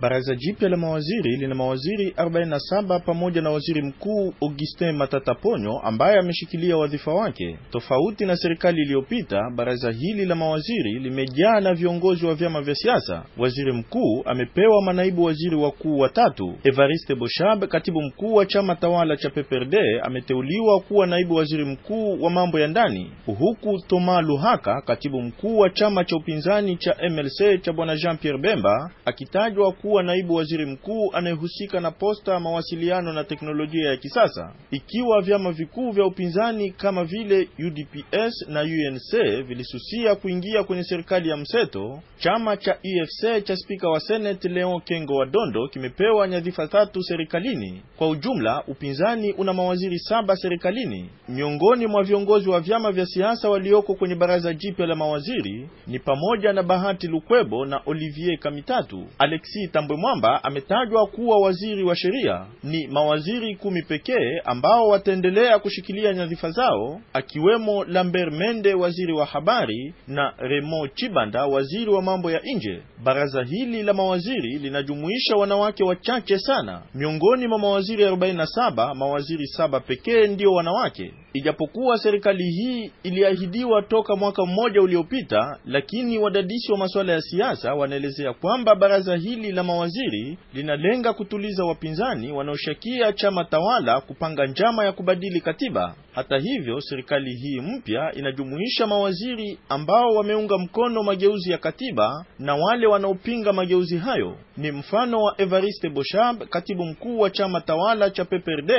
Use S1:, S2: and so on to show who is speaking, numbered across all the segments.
S1: Baraza jipya la mawaziri lina mawaziri 47 pamoja na waziri mkuu Augustin Matata Ponyo ambaye ameshikilia wadhifa wake. Tofauti na serikali iliyopita, baraza hili la mawaziri limejaa na viongozi wa vyama vya siasa. Waziri mkuu amepewa manaibu waziri wakuu watatu. Evariste Boshab, katibu mkuu wa chama tawala cha PPRD, ameteuliwa kuwa naibu waziri mkuu wa mambo ya ndani, huku Thomas Luhaka, katibu mkuu wa chama cha upinzani cha MLC cha bwana Jean Pierre Bemba, akitajwa kuwa kuwa naibu waziri mkuu anayehusika na posta, mawasiliano na teknolojia ya kisasa, ikiwa vyama vikuu vya upinzani kama vile UDPS na UNC vilisusia kuingia kwenye serikali ya mseto. Chama cha EFC cha spika wa Senate Leon Kengo wa Dondo kimepewa nyadhifa tatu serikalini. Kwa ujumla, upinzani una mawaziri saba serikalini. Miongoni mwa viongozi wa vyama vya siasa walioko kwenye baraza jipya la mawaziri ni pamoja na Bahati Lukwebo na Olivier Kamitatu Alexis Tambwe Mwamba ametajwa kuwa waziri wa sheria. Ni mawaziri kumi pekee ambao wataendelea kushikilia nyadhifa zao, akiwemo Lambert Mende, waziri wa habari, na remo Chibanda, waziri wa mambo ya nje. Baraza hili la mawaziri linajumuisha wanawake wachache sana. Miongoni mwa mawaziri 47, mawaziri saba pekee ndio wanawake. Ijapokuwa serikali hii iliahidiwa toka mwaka mmoja uliopita, lakini wadadisi wa masuala ya siasa wanaelezea kwamba baraza hili la mawaziri linalenga kutuliza wapinzani wanaoshakia chama tawala kupanga njama ya kubadili katiba. Hata hivyo, serikali hii mpya inajumuisha mawaziri ambao wameunga mkono mageuzi ya katiba na wale wanaopinga mageuzi hayo. Ni mfano wa Evariste Boshab, katibu mkuu wa chama tawala cha PPRD,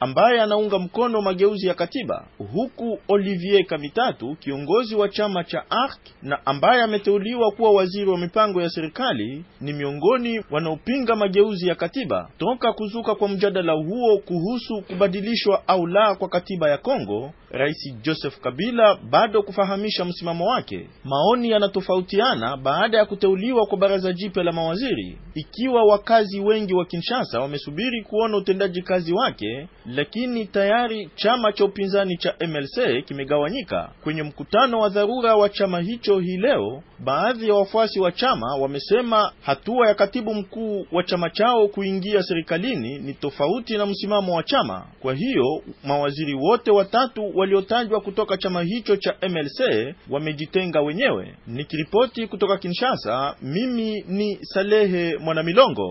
S1: ambaye anaunga mkono mageuzi ya katiba, huku Olivier Kamitatu, kiongozi wa chama cha ARC na ambaye ameteuliwa kuwa waziri wa mipango ya serikali, ni miongoni wanaopinga mageuzi ya katiba. Toka kuzuka kwa mjadala huo kuhusu kubadilishwa au la kwa katiba ya Kongo, Rais Joseph Kabila bado kufahamisha msimamo wake. Maoni yanatofautiana baada ya kuteuliwa kwa baraza jipya la mawaziri, ikiwa wakazi wengi wa Kinshasa wamesubiri kuona utendaji kazi wake, lakini tayari chama cha upinzani cha MLC kimegawanyika. Kwenye mkutano wa dharura wa chama hicho hii leo, baadhi ya wafuasi wa chama wamesema hatua ya katibu mkuu wa chama chao kuingia serikalini ni tofauti na msimamo wa chama. Kwa hiyo mawaziri wote watatu waliotajwa kutoka chama hicho cha MLC wamejitenga wenyewe. Nikiripoti kutoka Kinshasa, mimi ni Salehe Mwanamilongo.